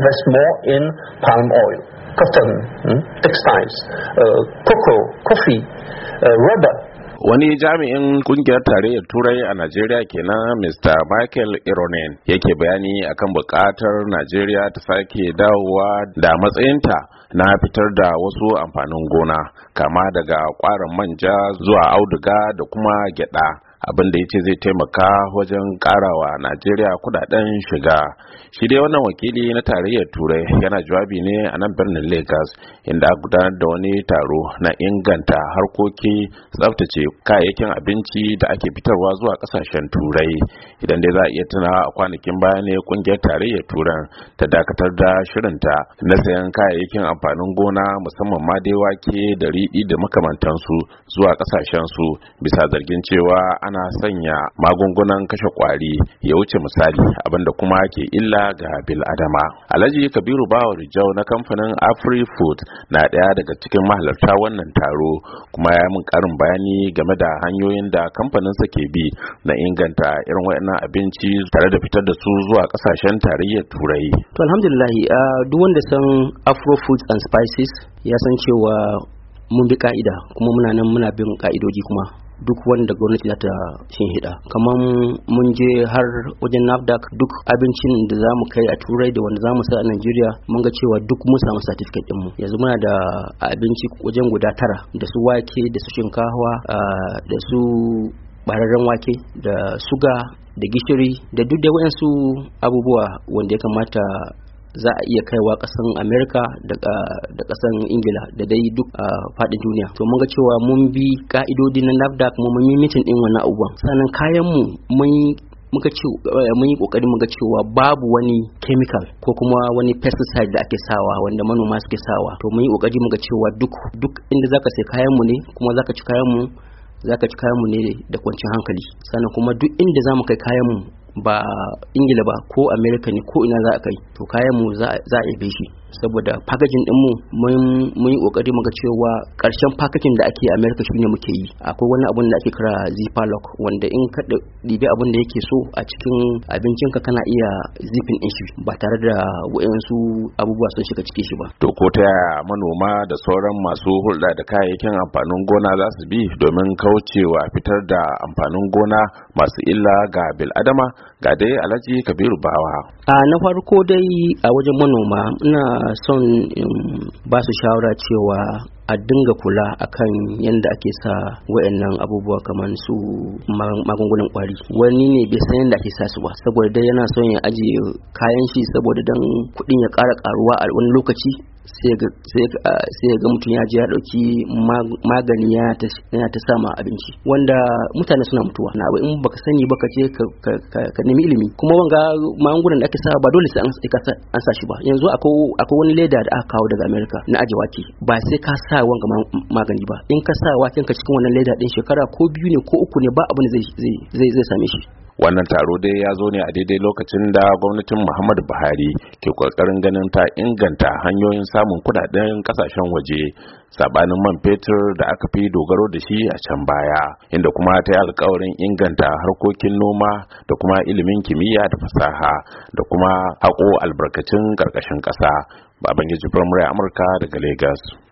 invest more in palm oil, cotton, hmm, textiles, uh, cocoa, coffee, uh, rubber. wani jami'in kungiyar tarayyar turai a najeriya kenan mr michael ironen yake bayani akan bukatar najeriya ta sake dawowa da matsayinta na fitar da wasu amfanin gona kama daga kwarin manja zuwa auduga da kuma gyada abin da ya ce zai taimaka wajen karawa najeriya kudaden shiga shi dai wannan wakili na tarayyar turai yana jawabi ne a nan birnin lagos inda a gudanar da wani taro na inganta harkoki tsaftace kayayyakin abinci da ake fitarwa zuwa kasashen turai idan dai za a iya tunawa a kwanakin baya ne kungiyar tarayyar Turai ta dakatar da shirinta na sayan kayayyakin amfanin gona musamman ma dai wake da riɗi da makamantansu zuwa kasashen su bisa zargin cewa ana Ana sanya magungunan kashe kwari ya wuce misali abinda kuma ke illa ga bil adama. alhaji kabiru bawa rijau na kamfanin afri food na ɗaya daga cikin mahalarta wannan taro kuma ya min karin bayani game da hanyoyin da kamfanin sa ke bi na inganta irin wayannan abinci tare da fitar da su zuwa ƙasashen tarayyar turai to alhamdulillah uh, duk wanda san afro foods and spices ya san cewa mun bi ka'ida kuma muna nan muna bin ka'idoji kuma duk wanda gwamnati za ta shinhida kamar mun je har wajen nafdac duk abincin da za mu kai a turai da wanda za mu sa a najeriya mun ga cewa duk mun samu certificate mu. yanzu muna da abinci wajen guda tara da su wake da su shinkawa da su bararren wake da suga da gishiri da duk da waɗansu abubuwa wanda ya kamata za a iya kaiwa kasan amerika da kasan ingila da dai duk a fadin duniya to mun ga cewa mun bi ka'idodi na nafdac kuma mun yi mitin din wannan abubuwan sannan kayan mu mun muka ce eh, mun yi kokari muga cewa babu wani chemical ko kuma wani pesticide da ake sawa wanda manoma suke sawa to mun yi kokari muga cewa duk duk inda zaka sai kayan mu ne kuma zaka ci kayan mu zaka ci kayan mu ne da kwanciyar hankali sannan kuma duk inda zamu kai kayan mu ba ingila ba ko america ne ko ina za a kai to kayan mu za a ibe shi saboda packaging din mu mun yi kokari muka cewa karshen packaging da ake America shine muke yi akwai wani abun da ake kira lock wanda in ka dibi abun da yake so a cikin abincinka kana iya zipin din shi ba tare da wayansu abubuwa sun shiga cikin shi ba to ko ta manoma da sauran masu hulɗa da kayayyakin amfanin gona za su bi domin kaucewa fitar da amfanin gona masu illa ga bil'adama ga dai alhaji kabiru bawa a na farko dai a wajen manoma ina son ba su shawara cewa a dinga kula akan yadda ake sa wayannan abubuwa kamar su magungunan kwari wani ne bai san yadda ake sa su ba saboda dai yana son ya ajiye kayan shi saboda dan kudin ya kara karuwa a wani lokaci Ah, sai ga mutum ya je ya dauki magani ya ta sama abinci wanda mutane suna mutuwa na in baka sani baka je ka nemi ilimi kuma wanga magungunan da ake sa ba dole sai an sa shi ba yanzu akwai wani leda da aka kawo daga America na aje wake ba sai ka sa wanga magani ba in ka sa waken ka cikin wannan leda din shekara ko biyu ne ko uku ne ba abin zai same shi wannan taro dai ya zo ne a daidai lokacin da gwamnatin muhammadu buhari ke kokarin ganin ta inganta hanyoyin samun kudaden kasashen waje sabanin man fetur da aka fi dogaro da shi a can baya inda kuma ta yi alkawarin inganta harkokin noma da kuma ilimin kimiyya da fasaha da kuma haƙo albarkacin ƙarƙashin ƙasa babangiji firamare amurka daga lagos